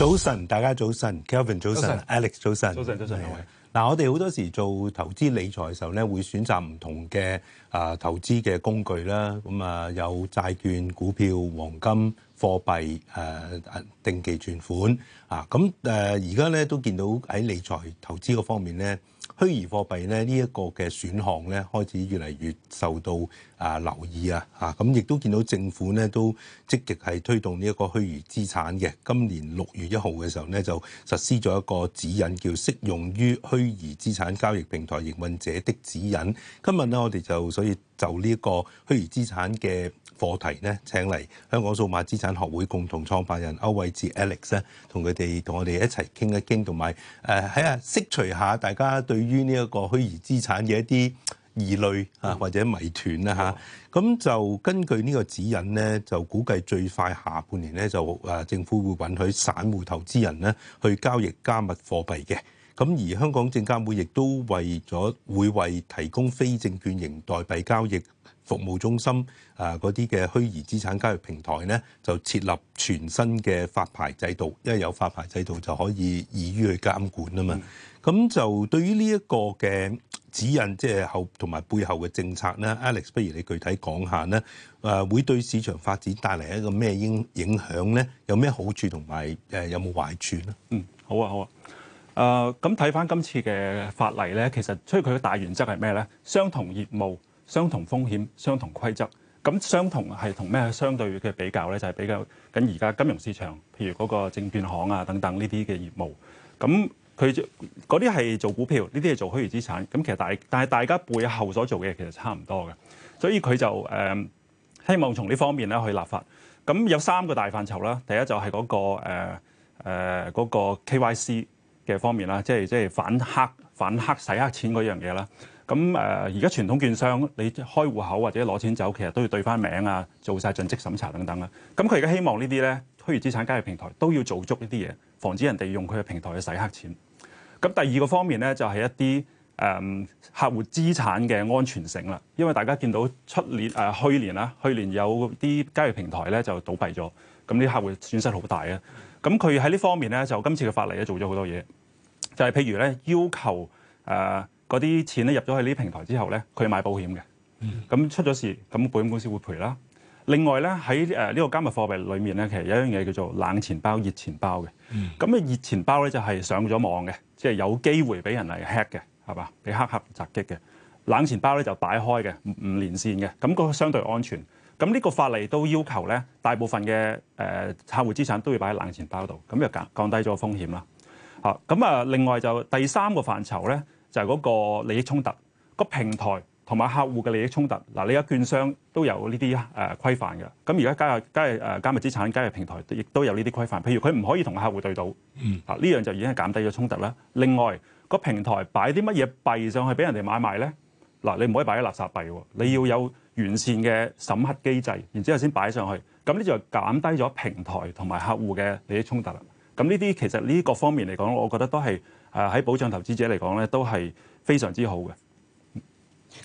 早晨，大家早晨，Kelvin 早晨，早晨，Alex 早晨。早晨早晨，好。嗱，我哋好多時做投資理財嘅時候咧，會選擇唔同嘅啊投資嘅工具啦。咁啊，有債券、股票、黃金、貨幣、誒定期存款啊。咁誒，而家咧都見到喺理財投資嗰方面咧。虛擬貨幣咧呢一個嘅選項咧，開始越嚟越受到啊留意啊，啊咁亦都見到政府咧都積極係推動呢一個虛擬資產嘅，今年六月一號嘅時候咧，就實施咗一個指引，叫適用於虛擬資產交易平台營運者的指引。今日咧，我哋就所以。就呢個虛擬資產嘅課題呢，請嚟香港數碼資產學會共同創辦人區偉志 Alex 同佢哋同我哋一齊傾一傾，同埋喺呀釋除下大家對於呢一個虛擬資產嘅一啲疑慮啊或者謎團啦嚇。咁、啊嗯嗯啊、就根據呢個指引呢就估計最快下半年呢就、啊、政府會允許散戶投資人呢去交易加密貨幣嘅。咁而香港證監會亦都為咗會為提供非證券型代幣交易服務中心啊嗰啲嘅虛擬資產交易平台咧，就設立全新嘅發牌制度，因為有發牌制度就可以易於去監管啊嘛。咁、嗯、就對於呢一個嘅指引，即係後同埋背後嘅政策咧，Alex 不如你具體講下咧，啊會對市場發展帶嚟一個咩影影響咧？有咩好處同埋有冇壞處咧？嗯，好啊，好啊。誒咁睇翻今次嘅法例咧，其實，雖然佢嘅大原則係咩咧，相同業務、相同風險、相同規則。咁相同係同咩相對嘅比較咧？就係、是、比較緊而家金融市場，譬如嗰個證券行啊等等呢啲嘅業務。咁佢嗰啲係做股票，呢啲係做虛擬資產。咁其實大但係大家背後所做嘅嘢其實差唔多嘅，所以佢就誒、呃、希望從呢方面咧去立法。咁有三個大範疇啦，第一就係嗰、那個誒誒嗰個 KYC。嘅方面啦，即係即係反黑、反黑洗黑錢嗰樣嘢啦。咁誒，而家傳統券商你開戶口或者攞錢走，其實都要對翻名啊，做晒盡職審查等等啦。咁佢而家希望這些呢啲咧，虛擬資產交易平台都要做足呢啲嘢，防止人哋用佢嘅平台去洗黑錢。咁第二個方面咧，就係、是、一啲誒、呃、客戶資產嘅安全性啦。因為大家見到出年誒去年啦，去年有啲交易平台咧就倒閉咗，咁啲客戶損失好大啊。咁佢喺呢方面咧，就今次嘅法例咧做咗好多嘢，就係、是、譬如咧要求嗰啲、呃、錢咧入咗去呢平台之後咧，佢買保險嘅。咁、嗯、出咗事，咁保險公司會賠啦。另外咧喺呢個加密貨幣裏面咧，其實有一樣嘢叫做冷錢包、熱錢包嘅。咁、嗯、咧熱錢包咧就係上咗網嘅，即、就、係、是、有機會俾人嚟 hack 嘅，係嘛？俾黑客襲擊嘅。冷錢包咧就擺開嘅，唔連線嘅，咁、嗰個相對安全。咁呢個法例都要求咧，大部分嘅誒客戶資產都要擺喺冷錢包度，咁就減降低咗風險啦。好咁啊，另外就第三個範疇咧，就係嗰個利益衝突，個平台同埋客戶嘅利益衝突。嗱你而家券商都有呢啲誒規範嘅。咁而家加入加入誒加密資產加入平台，亦都有呢啲規範。譬如佢唔可以同客戶對賭，啊、嗯、呢樣就已經係減低咗衝突啦。另外個平台擺啲乜嘢幣上去俾人哋買賣咧，嗱你唔可以擺喺垃圾幣，你要有。完善嘅審核機制，然之後先擺上去，咁呢就減低咗平台同埋客戶嘅利益衝突啦。咁呢啲其實呢個方面嚟講，我覺得都係誒喺保障投資者嚟講咧，都係非常之好嘅。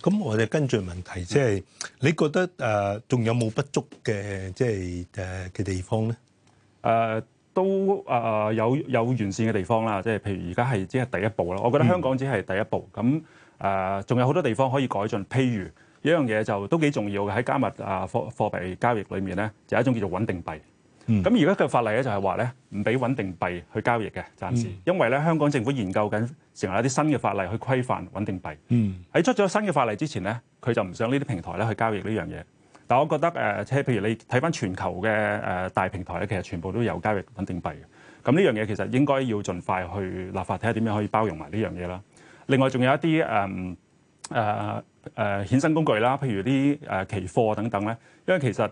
咁我哋跟住問題，即係你覺得誒仲有冇不足嘅即係誒嘅地方咧？誒都誒有有完善嘅地方啦。即係譬如而家係只係第一步啦。我覺得香港只係第一步，咁誒仲有好多地方可以改進，譬如。一樣嘢就都幾重要嘅，喺加密啊貨貨幣交易裏面咧，就係一種叫做穩定幣。咁、嗯、而家嘅法例咧就係話咧，唔俾穩定幣去交易嘅暫時，因為咧香港政府研究緊成為一啲新嘅法例去規範穩定幣。喺、嗯、出咗新嘅法例之前咧，佢就唔想呢啲平台咧去交易呢樣嘢。但係我覺得誒，即、呃、係譬如你睇翻全球嘅誒大平台咧，其實全部都有交易穩定幣嘅。咁呢樣嘢其實應該要盡快去立法，睇下點樣可以包容埋呢樣嘢啦。另外仲有一啲誒誒。嗯呃誒、呃、衍生工具啦，譬如啲誒、呃、期貨等等咧，因為其實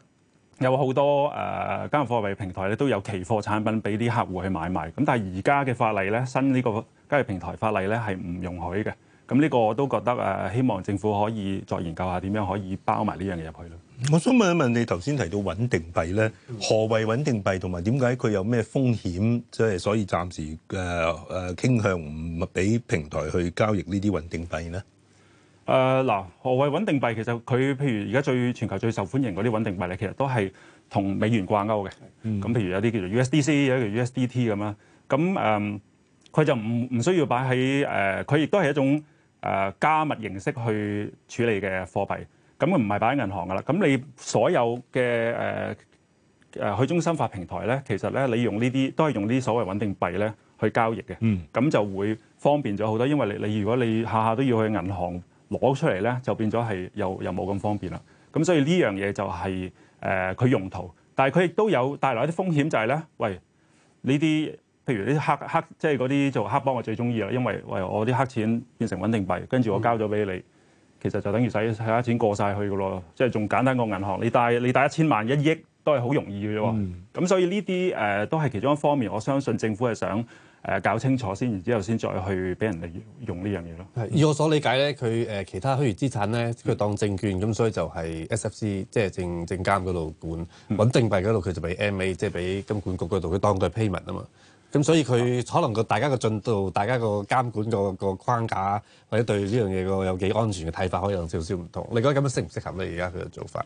有好多誒金融貨幣交易貨幣平台咧都有期貨產品俾啲客戶去買賣。咁但係而家嘅法例咧，新呢個交易平台法例咧係唔容許嘅。咁呢個我都覺得誒、呃，希望政府可以再研究下點樣可以包埋呢樣嘢入去咯。我想問一問你頭先提到穩定幣咧，何為穩定幣同埋點解佢有咩風險？即、就、係、是、所以暫時誒誒、呃、傾向唔俾平台去交易呢啲穩定幣咧。誒嗱，何謂穩定幣？其實佢譬如而家最全球最受歡迎嗰啲穩定幣咧，其實都係同美元掛鈎嘅。咁譬如有啲叫做 USDC，有個 USDT 咁啦。咁誒，佢就唔唔需要擺喺誒，佢亦都係一種誒加密形式去處理嘅貨幣。咁佢唔係擺喺銀行噶啦。咁你所有嘅誒誒去中心化平台咧，其實咧，你用呢啲都係用呢啲所謂穩定幣咧去交易嘅。咁就會方便咗好多，因為你你如果你下下都要去銀行。攞出嚟咧就變咗係又又冇咁方便啦，咁所以呢樣嘢就係誒佢用途，但係佢亦都有帶來一啲風險，就係，就係咧，喂呢啲譬如呢啲黑黑即係嗰啲做黑幫我最中意啦，因為喂我啲黑錢變成穩定幣，跟住我交咗俾你，嗯、其實就等於使使黑錢過晒去噶咯，即係仲簡單過銀行，你帶你帶一千萬一億都係好容易嘅啫喎，咁、嗯、所以呢啲誒都係其中一方面，我相信政府係想。誒、啊、搞清楚先，然之後先再去俾人哋用呢樣嘢咯。係，以我所理解咧，佢誒、呃、其他虛擬資產咧，佢當證券咁、嗯，所以就係 SFC 即係證證監嗰度管，穩定幣嗰度佢就俾 MA，即係俾金管局嗰度，佢當佢係 payment 啊嘛。咁所以佢、嗯、可能個大家個進度，大家個監管個個框架，或者對呢樣嘢個有幾安全嘅睇法，可以有少少唔同。你覺得咁樣適唔適合咧？而家佢嘅做法？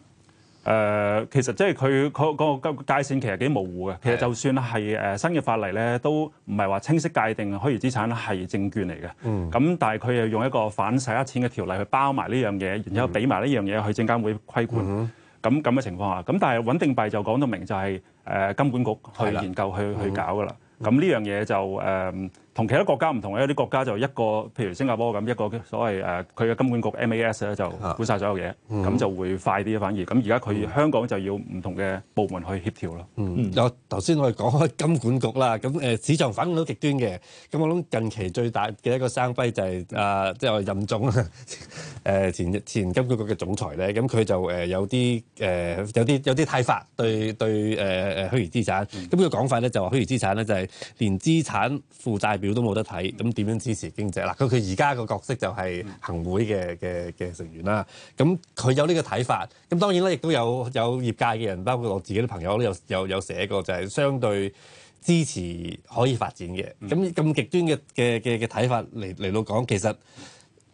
誒、呃，其實即係佢佢個界線其實幾模糊嘅。其實就算係誒新嘅法例咧，都唔係話清晰界定虛擬資產係證券嚟嘅。嗯。咁但係佢又用一個反洗黑錢嘅條例去包埋呢樣嘢，然之後俾埋呢樣嘢去證監會規管。咁咁嘅情況下，咁但係穩定幣就講得明，就係誒金管局去研究去、嗯、去搞㗎啦。咁呢樣嘢就誒。呃同其他國家唔同嘅，有啲國家就一個，譬如新加坡咁，一個所謂誒佢嘅金管局 MAS 咧就管晒所有嘢，咁、啊嗯、就會快啲啊反而現在他。咁而家佢香港就要唔同嘅部門去協調咯。嗯，有頭先我哋講開金管局啦，咁誒、呃、市場反應到極端嘅，咁我諗近期最大嘅一個生輝就係、是嗯、啊，即、就、係、是、任總誒、呃、前前金管局嘅總裁咧，咁佢就誒、呃、有啲誒、呃、有啲有啲睇法對對誒誒、呃、虛擬資產。咁佢講法咧就話虛擬資產咧就係連資產負債都冇得睇，咁點樣支持經濟？嗱，佢佢而家個角色就係行會嘅嘅嘅成員啦。咁佢有呢個睇法。咁當然咧，亦都有有業界嘅人，包括我自己啲朋友，都有有有寫過，就係相對支持可以發展嘅。咁咁極端嘅嘅嘅嘅睇法嚟嚟到講，其實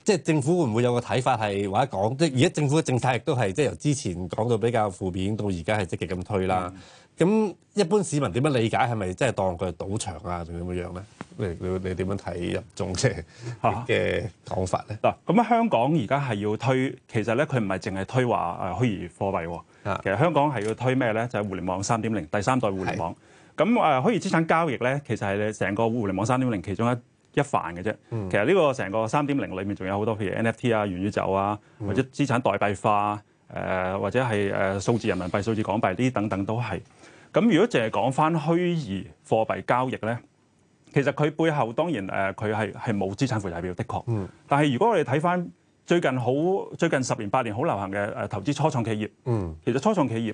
即係政府會唔會有個睇法係或者講？即係而家政府嘅政策亦都係即係由之前講到比較負面，到而家係積極咁推啦。嗯。咁一般市民點樣理解，係咪真係當佢係賭場樣樣啊，仲有樣咧？你你你點樣睇入眾即嘅講法咧？咁啊，香港而家係要推，其實咧，佢唔係淨係推話誒虛擬貨幣喎、啊。其實香港係要推咩咧？就係、是、互聯網三點零，第三代互聯網。咁誒、呃、虛擬資產交易咧，其實係你成個互聯網三點零其中一一環嘅啫、嗯。其實呢個成個三點零裏面仲有好多譬如 NFT 啊、元宇宙啊、嗯，或者資產代幣化。誒、呃、或者係誒、呃、數字人民幣、數字港幣啲等等都係。咁如果淨係講翻虛擬貨幣交易咧，其實佢背後當然誒佢係係冇資產負債表的確。嗯。但係如果我哋睇翻最近好最近十年八年好流行嘅誒、啊、投資初創企業，嗯。其實初創企業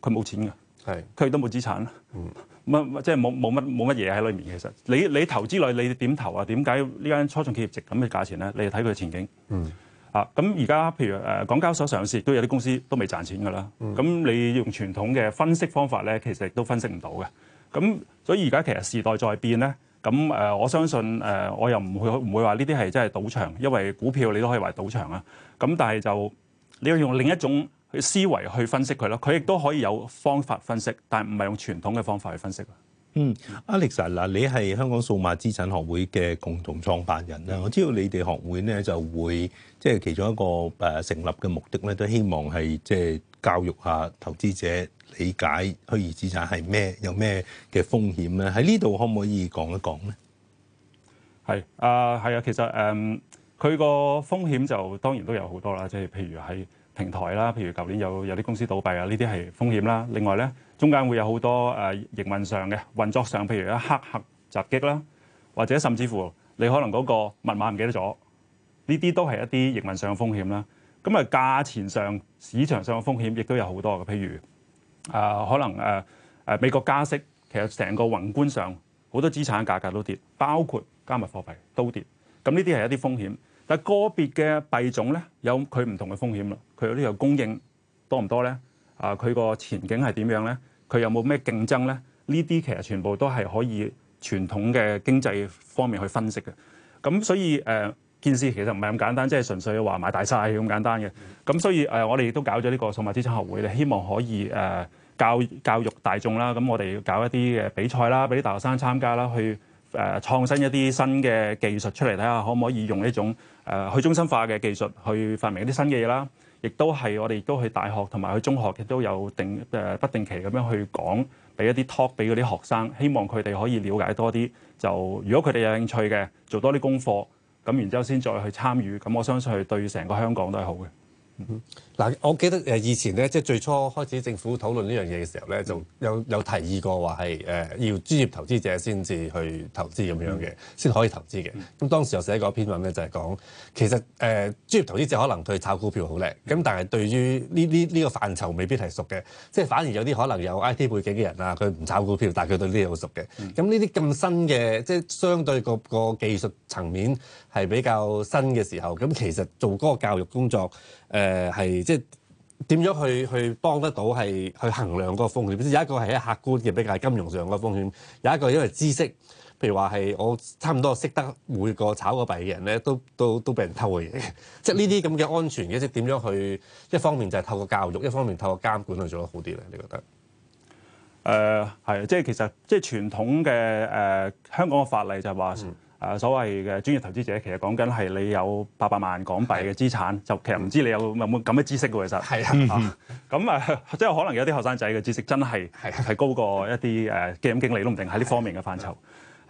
佢冇錢㗎，係佢都冇資產啦，嗯。唔即係冇冇乜冇乜嘢喺裏面。其實你你投資類你點投啊？點解呢間初創企業值咁嘅價錢咧？你要睇佢嘅前景。嗯。啊！咁而家譬如誒港交所上市亦都有啲公司都未賺錢㗎啦。咁你用傳統嘅分析方法咧，其實亦都分析唔到嘅。咁所以而家其實時代在變咧。咁誒，我相信誒，我又唔會唔會話呢啲係真係賭場，因為股票你都可以話賭場啊。咁但係就你要用另一種思維去分析佢咯。佢亦都可以有方法分析，但係唔係用傳統嘅方法去分析。嗯，Alex 嗱，Alexa，你係香港數碼資產學會嘅共同創辦人啦。我知道你哋學會咧就會即係、就是、其中一個誒成立嘅目的咧，都希望係即係教育下投資者理解虛擬資產係咩，有咩嘅風險咧。喺呢度可唔可以講一講咧？係啊，係、呃、啊，其實誒，佢、嗯、個風險就當然都有好多啦，即係譬如喺。平台啦，譬如舊年有有啲公司倒閉啊，呢啲係風險啦。另外咧，中間會有好多誒、啊、營運上嘅運作上，譬如一黑客襲擊啦，或者甚至乎你可能嗰個密碼唔記得咗，呢啲都係一啲營運上嘅風險啦。咁啊，價錢上，市場上嘅風險亦都有好多嘅，譬如誒、啊、可能誒、啊、誒、啊、美國加息，其實成個宏觀上好多資產價格都跌，包括加密貨幣都跌。咁呢啲係一啲風險。但個別嘅幣種咧，有佢唔同嘅風險啦。佢有呢個供應多唔多咧？啊，佢個前景係點樣咧？佢有冇咩競爭咧？呢啲其實全部都係可以傳統嘅經濟方面去分析嘅。咁所以誒，件、呃、事其實唔係咁簡單，即、就、係、是、純粹話買大晒咁簡單嘅。咁所以誒、呃，我哋亦都搞咗呢個數碼資產學會咧，希望可以誒、呃、教教育大眾啦。咁我哋要搞一啲嘅比賽啦，俾啲大學生參加啦，去。誒創新一啲新嘅技術出嚟睇下，可唔可以用呢種誒去中心化嘅技術去發明一啲新嘅嘢啦？亦都係我哋都去大學同埋去中學亦都有定誒、呃、不定期咁樣去講，俾一啲 talk 俾嗰啲學生，希望佢哋可以了解多啲。就如果佢哋有興趣嘅，做多啲功課，咁然之後先再去參與。咁我相信係對成個香港都係好嘅。嗱，我記得以前咧，即係最初開始政府討論呢樣嘢嘅時候咧，就有有提議過話係要專業投資者先至去投資咁樣嘅，先可以投資嘅。咁當時我寫過一篇文咧，就係、是、講其實誒、呃、專業投資者可能佢炒股票好叻，咁但係對於呢呢呢個範疇未必係熟嘅，即係反而有啲可能有 IT 背景嘅人啊，佢唔炒股票，但係佢對呢啲好熟嘅。咁呢啲咁新嘅，即係相對嗰個技術層面係比較新嘅時候，咁其實做嗰個教育工作。誒、呃、係即係點樣去去幫得到係去衡量嗰個風險？有一個係喺客觀嘅比較金融上嘅風險，有一個因為知識，譬如話係我差唔多識得每個炒個幣嘅人咧，都都都被人偷嘅嘢。即係呢啲咁嘅安全嘅，即係點樣去？一方面就係透過教育，一方面透過監管去做得好啲咧。你覺得？誒、呃、係即係其實即係傳統嘅誒、呃、香港嘅法例就係話。嗯誒，所謂嘅專業投資者，其實講緊係你有八百萬港幣嘅資產，就其實唔知你有冇冇咁嘅知識喎。其實係 啊，咁誒即係可能有啲學生仔嘅知識真係係高過一啲誒基金經理都唔定，喺呢方面嘅範疇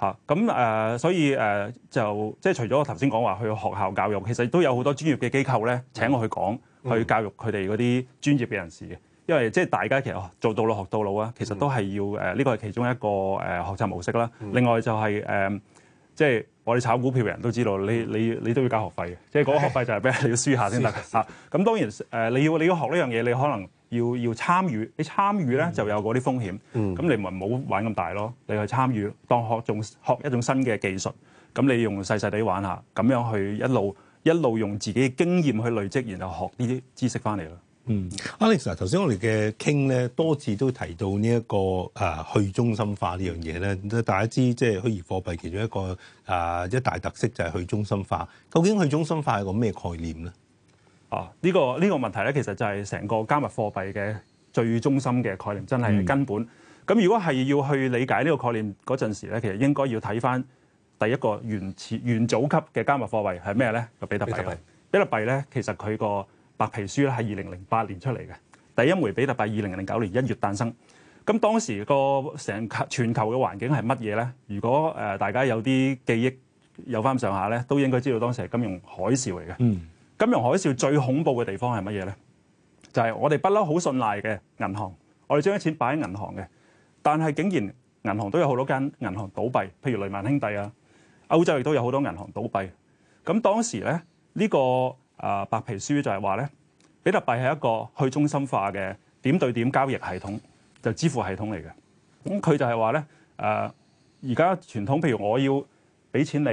嚇。咁誒、嗯啊、所以誒、啊、就即係除咗我頭先講話去學校教育，其實都有好多專業嘅機構咧請我去講，嗯、去教育佢哋嗰啲專業嘅人士嘅，因為即係大家其實做到老學到老啊，其實都係要誒呢個係其中一個誒學習模式啦。另外就係、是、誒。嗯即係我哋炒股票嘅人都知道你，你你你都要交學費嘅，即係嗰個學費就係咩你要輸下先得吓。咁當然、呃、你要你要學呢樣嘢，你可能要要參與。你參與咧就有嗰啲風險。咁、嗯、你咪唔好玩咁大咯。你去參與當學種學一種新嘅技術，咁你用細細地玩下，咁樣去一路一路用自己嘅經驗去累積，然後學呢啲知識翻嚟咯。嗯，Alex，啊頭先我哋嘅傾咧多次都提到呢、這、一個、啊、去中心化呢樣嘢咧，大家知即係、就是、虛擬貨幣其中一個、啊、一大特色就係去中心化。究竟去中心化係個咩概念咧？啊，呢、這個呢、這個問題咧，其實就係成個加密貨幣嘅最中心嘅概念，真係根本。咁、嗯、如果係要去理解呢個概念嗰陣時咧，其實應該要睇返第一個原始、原，元祖級嘅加密貨幣係咩咧？個比，比特幣，比特幣咧其實佢個。白皮書咧係二零零八年出嚟嘅，第一枚比特幣二零零九年一月誕生。咁當時個成全球嘅環境係乜嘢咧？如果誒大家有啲記憶有翻上下咧，都應該知道當時係金融海嘯嚟嘅。嗯，金融海嘯最恐怖嘅地方係乜嘢咧？就係我哋不嬲好信賴嘅銀行，我哋將啲錢擺喺銀行嘅，但係竟然銀行都有好多間銀行倒閉，譬如雷曼兄弟啊，歐洲亦都有好多銀行倒閉。咁當時咧呢個。啊，白皮書就係話咧，比特幣係一個去中心化嘅點對點交易系統，就是，支付系統嚟嘅。咁、嗯、佢就係話咧，誒而家傳統譬如我要俾錢你，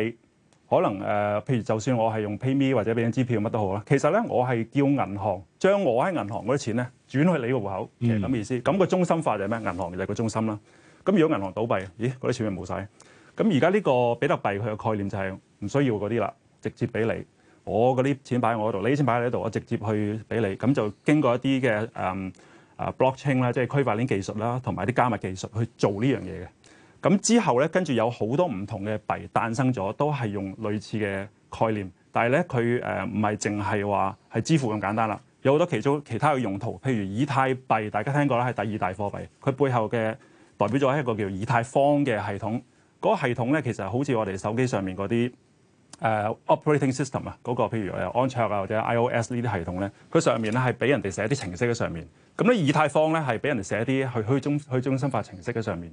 可能誒、呃、譬如就算我係用 PayMe 或者俾張支票乜都好啦。其實咧，我係叫銀行將我喺銀行嗰啲錢咧轉去你個戶口，嗯，其實咁意思。咁個中心化就係咩？銀行就係個中心啦。咁如果銀行倒閉，咦，嗰啲錢咪冇晒？咁而家呢個比特幣佢嘅概念就係唔需要嗰啲啦，直接俾你。我嗰啲錢擺喺我度，你啲錢擺喺你度，我直接去俾你，咁就經過一啲嘅誒誒 blockchain 啦，即係區塊鏈技術啦，同埋啲加密技術去做呢樣嘢嘅。咁之後咧，跟住有好多唔同嘅幣誕生咗，都係用類似嘅概念，但係咧佢誒唔係淨係話係支付咁簡單啦，有好多其中其他嘅用途。譬如以太幣，大家聽過啦，係第二大貨幣，佢背後嘅代表咗一個叫以太坊嘅系統。嗰個系統咧，其實好似我哋手機上面嗰啲。誒、uh, operating system 啊、那個，嗰個譬如誒安卓啊或者 iOS 呢啲系統咧，佢上面咧係俾人哋寫啲程式喺上面。咁咧以太坊咧係俾人哋寫啲去去中去中心化程式喺上面。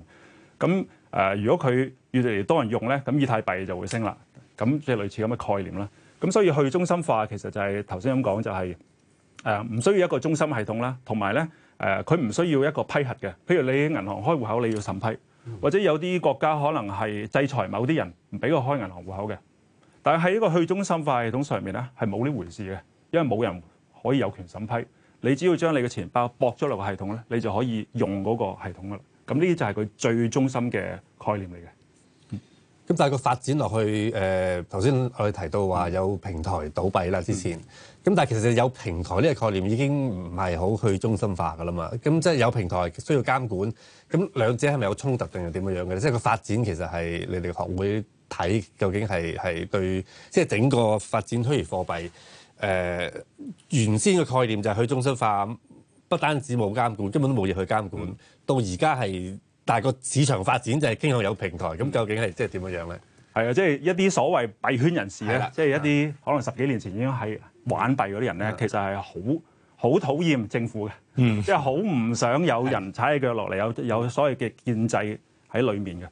咁誒、呃、如果佢越嚟越多人用咧，咁以太幣就會升啦。咁即係類似咁嘅概念啦。咁所以去中心化其實就係頭先咁講，就係誒唔需要一個中心系統啦，同埋咧誒佢唔需要一個批核嘅。譬如你銀行開戶口你要審批，或者有啲國家可能係制裁某啲人唔俾佢開銀行戶口嘅。但係喺呢個去中心化系統上面咧，係冇呢回事嘅，因為冇人可以有權審批。你只要將你嘅錢包駁咗落個系統咧，你就可以用嗰個系統啦。咁呢啲就係佢最中心嘅概念嚟嘅。咁、嗯、但係個發展落去，誒頭先我哋提到話有平台倒閉啦之前。咁、嗯、但係其實有平台呢個概念已經唔係好去中心化噶啦嘛。咁即係有平台需要監管。咁兩者係咪有衝突定係點樣樣嘅？即係個發展其實係你哋學會。睇究竟係係對，即係整個發展虛擬貨幣誒、呃、原先嘅概念就係去中心化，不單止冇監管，根本都冇嘢去監管。到而家係，但係個市場發展就係傾向有平台。咁究竟係即係點樣樣咧？係啊，即係、就是、一啲所謂幣圈人士咧，即係、就是、一啲可能十幾年前已經係玩幣嗰啲人咧，是的其實係好好討厭政府嘅，即係好唔想有人踩腳落嚟，有有所謂嘅建制喺裡面嘅。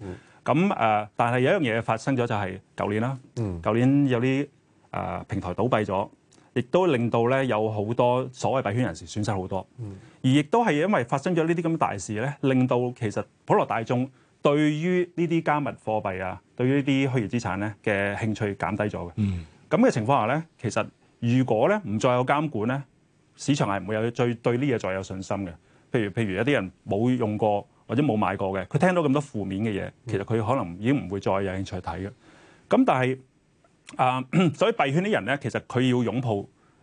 咁誒，但係有一樣嘢發生咗，就係舊年啦。舊年有啲誒平台倒閉咗，亦都令到咧有好多所謂幣圈人士損失好多。嗯、而亦都係因為發生咗呢啲咁大事咧，令到其實普羅大眾對於呢啲加密貨幣啊，對於呢啲虛擬資產咧嘅興趣減低咗嘅。咁、嗯、嘅情況下咧，其實如果咧唔再有監管咧，市場係唔會有最對呢嘢再有信心嘅。譬如譬如一些沒有啲人冇用過。或者冇買過嘅，佢聽到咁多負面嘅嘢，其實佢可能已經唔會再有興趣睇嘅。咁但係啊、呃，所以幣圈啲人咧，其實佢要擁抱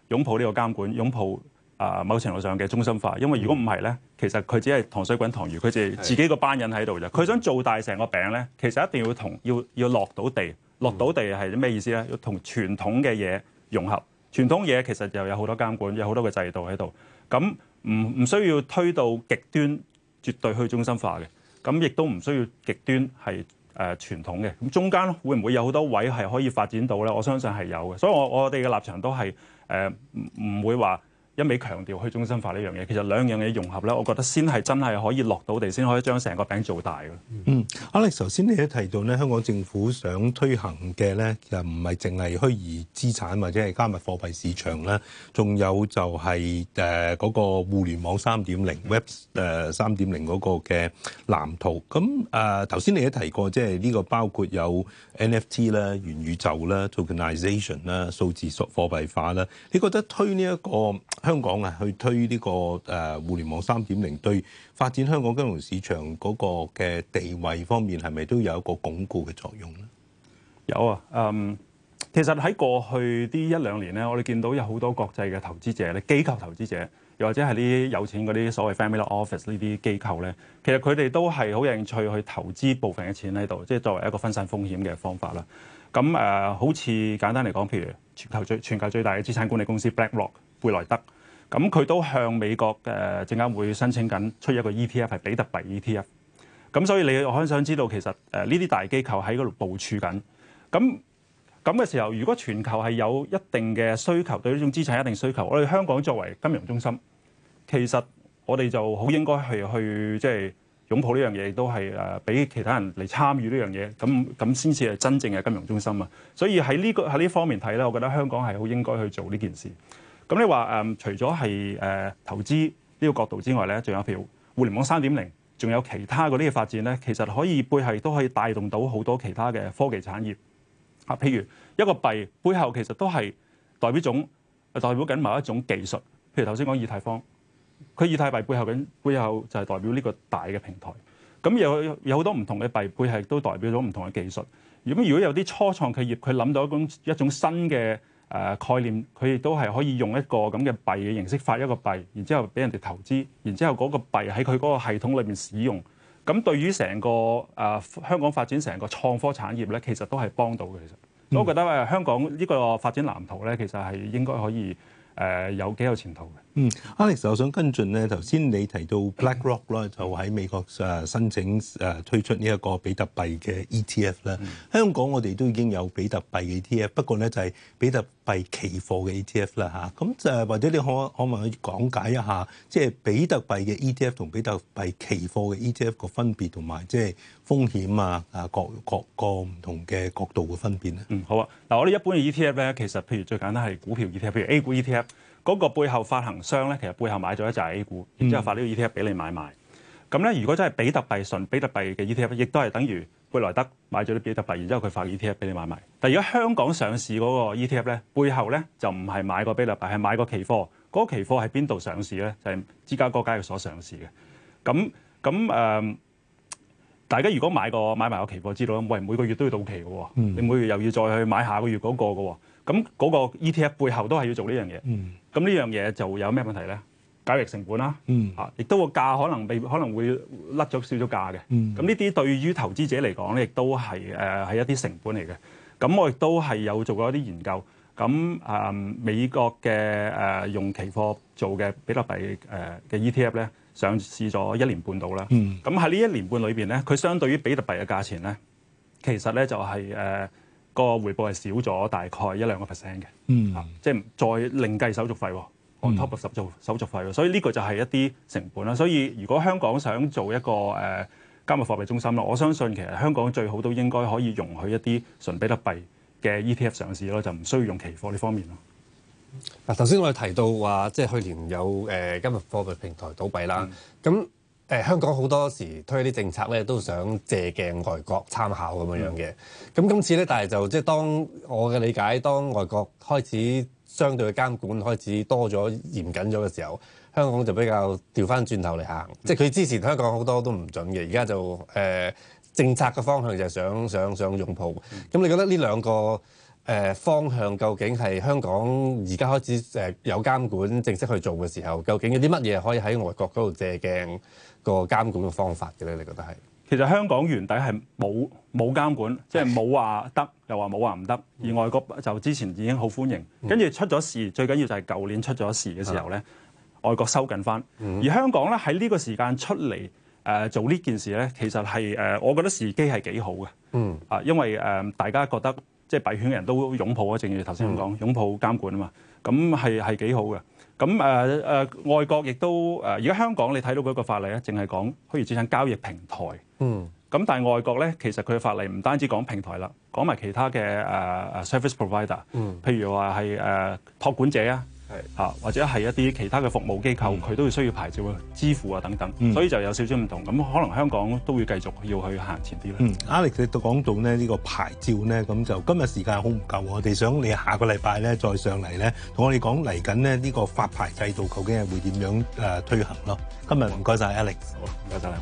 擁抱呢個監管，擁抱啊、呃、某程度上嘅中心化。因為如果唔係咧，其實佢只係塘水滾塘魚，佢就自己個班人喺度就。佢想做大成個餅咧，其實一定要同要要落到地，落到地係啲咩意思咧？要同傳統嘅嘢融合。傳統嘢其實就有好多監管，有好多嘅制度喺度。咁唔唔需要推到極端。絕對去中心化嘅，咁亦都唔需要極端係誒、呃、傳統嘅，咁中間會唔會有好多位係可以發展到咧？我相信係有嘅，所以我我哋嘅立場都係誒唔會話。一味強調去中心化呢樣嘢，其實兩樣嘢融合咧，我覺得先係真係可以落到地，先可以將成個餅做大嘅。嗯，阿力，頭先你一提到咧，香港政府想推行嘅咧，其實唔係淨係虛擬資產或者係加密貨幣市場啦，仲有就係誒嗰個互聯網三點零 Web 誒三點零嗰個嘅藍圖。咁誒頭先你一提過，即係呢個包括有 NFT 啦、元宇宙啦、Tokenization 啦、數字貨幣化啦，你覺得推呢一個香港啊，去推呢個互聯網三點零，對發展香港金融市場嗰個嘅地位方面，係咪都有一個鞏固嘅作用咧？有啊，其實喺過去啲一兩年咧，我哋見到有好多國際嘅投資者咧，機構投資者又或者係啲有錢嗰啲所謂 family office 呢啲機構咧，其實佢哋都係好有興趣去投資部分嘅錢喺度，即係作為一個分散風險嘅方法啦。咁誒，好似簡單嚟講，譬如全球最全球最大嘅資產管理公司 BlackRock。貝萊德咁，佢都向美國嘅證監會申請緊出一個 ETF 係比特幣 ETF。咁所以你我很想知道，其實誒呢啲大機構喺度部署緊咁咁嘅時候，如果全球係有一定嘅需求對呢種資產一定需求，我哋香港作為金融中心，其實我哋就好應該去即係擁抱呢樣嘢，亦都係誒俾其他人嚟參與呢樣嘢。咁咁先至係真正嘅金融中心啊。所以喺呢個喺呢方面睇咧，我覺得香港係好應該去做呢件事。咁你話誒、嗯，除咗係誒投資呢個角度之外咧，仲有譬如互聯網三點零，仲有其他嗰啲嘅發展咧，其實可以背後都可以帶動到好多其他嘅科技產業。啊，譬如一個幣背後其實都係代表種、呃、代表緊某一種技術，譬如頭先講以太坊，佢以太幣背後緊背後就係代表呢個大嘅平台。咁有有好多唔同嘅幣背後都代表咗唔同嘅技術。咁如果有啲初創企業，佢諗到一種一種新嘅概念，佢亦都係可以用一個咁嘅幣嘅形式發一個幣，然之後俾人哋投資，然之後嗰個幣喺佢嗰個系統裏面使用。咁對於成個誒、呃、香港發展成個創科產業咧，其實都係幫到嘅。其實、嗯、我覺得、呃、香港呢個發展藍圖咧，其實係應該可以誒、呃、有幾有前途嘅。嗯，Alex，我想跟進咧，頭先你提到 BlackRock 啦，就喺美國誒申請誒推出呢一個比特幣嘅 ETF 咧、嗯。香港我哋都已經有比特幣嘅 ETF，不過咧就係比特幣期貨嘅 ETF 啦嚇，咁就係或者你可可唔可以講解一下，即係比特幣嘅 ETF 同比特幣期貨嘅 ETF 個分別同埋即係風險啊啊，各各個唔同嘅角度嘅分別咧？嗯，好啊。嗱，我哋一般嘅 ETF 咧，其實譬如最簡單係股票 ETF，譬如 A 股 ETF。.嗰個背後發行商咧，其實背後買咗一隻 A 股，然之後發呢個 ETF 俾你買賣。咁咧，如果真係比特幣純比特幣嘅 ETF，亦都係等於貝萊德買咗啲比特幣，然之後佢發 ETF 俾你買賣。但係而家香港上市嗰個 ETF 咧，背後咧就唔係買個比特幣，係買個期貨。嗰個期貨喺邊度上市咧？就係芝加哥交易所上市嘅。咁咁誒，大家如果買個買埋個期貨，知道啦，喂，每個月都要到期嘅喎。嗯，你每月又要再去買下個月嗰個嘅喎。咁嗰個 ETF 背後都係要做呢樣嘢。嗯。咁呢樣嘢就會有咩問題咧？交易成本啦，嚇，亦都個價可能被可能會甩咗少少價嘅。咁呢啲對於投資者嚟講咧，亦都係誒係一啲成本嚟嘅。咁我亦都係有做過一啲研究。咁啊，美國嘅誒用期貨做嘅比特幣誒嘅 ETF 咧，上市咗一年半到啦。咁喺呢一年半裏邊咧，佢相對於比特幣嘅價錢咧，其實咧就係誒。個回報係少咗大概一兩個 percent 嘅，嗯，即係再另計手續費喎，on top of 手續費喎，所以呢個就係一啲成本啦。所以如果香港想做一個誒、呃、加密貨幣中心啦，我相信其實香港最好都應該可以容許一啲純比特幣嘅 ETF 上市咯，就唔需要用期貨呢方面咯。嗱、啊，頭先我哋提到話，即係去年有誒、呃、加密貨幣平台倒閉啦，咁、嗯。呃、香港好多時推啲政策咧，都想借鏡外國參考咁樣嘅。咁、嗯、今次咧，但係就即係當我嘅理解，當外國開始相對嘅監管開始多咗嚴謹咗嘅時候，香港就比較調翻轉頭嚟行。即係佢之前香港好多都唔準嘅，而家就誒、呃、政策嘅方向就係想想想擁抱。咁、嗯、你覺得呢兩個？誒、呃、方向究竟係香港而家開始誒、呃、有監管正式去做嘅時候，究竟有啲乜嘢可以喺外國嗰度借鏡個監管嘅方法嘅咧？你覺得係？其實香港原底係冇冇監管，即係冇話得又話冇話唔得，而外國就之前已經好歡迎，跟住出咗事，最緊要就係舊年出咗事嘅時候咧，外國收緊翻，而香港咧喺呢個時間出嚟誒、呃、做呢件事咧，其實係誒、呃、我覺得時機係幾好嘅，嗯、呃、啊，因為誒、呃、大家覺得。即係幣圈人都擁抱啊！正如頭先咁講，擁抱監管啊嘛，咁係幾好嘅。咁、呃呃、外國亦都誒，而、呃、家香港你睇到嗰個法例咧，淨係講虛擬資產交易平台。嗯。咁但係外國咧，其實佢嘅法例唔單止講平台啦，講埋其他嘅誒誒 service provider。嗯。譬如話係誒託管者啊。係、啊、或者係一啲其他嘅服務機構，佢、嗯、都要需要牌照去支付啊等等，嗯，所以就有少少唔同。咁可能香港都會繼續要去行前啲啦，嗯。Alex，你都講到咧呢個牌照咧，咁就今日時間好唔夠，我哋想你下個禮拜咧再上嚟咧，同我哋講嚟緊咧呢個發牌制度究竟係會點樣誒推行咯？今日唔該晒 Alex。好，唔該晒。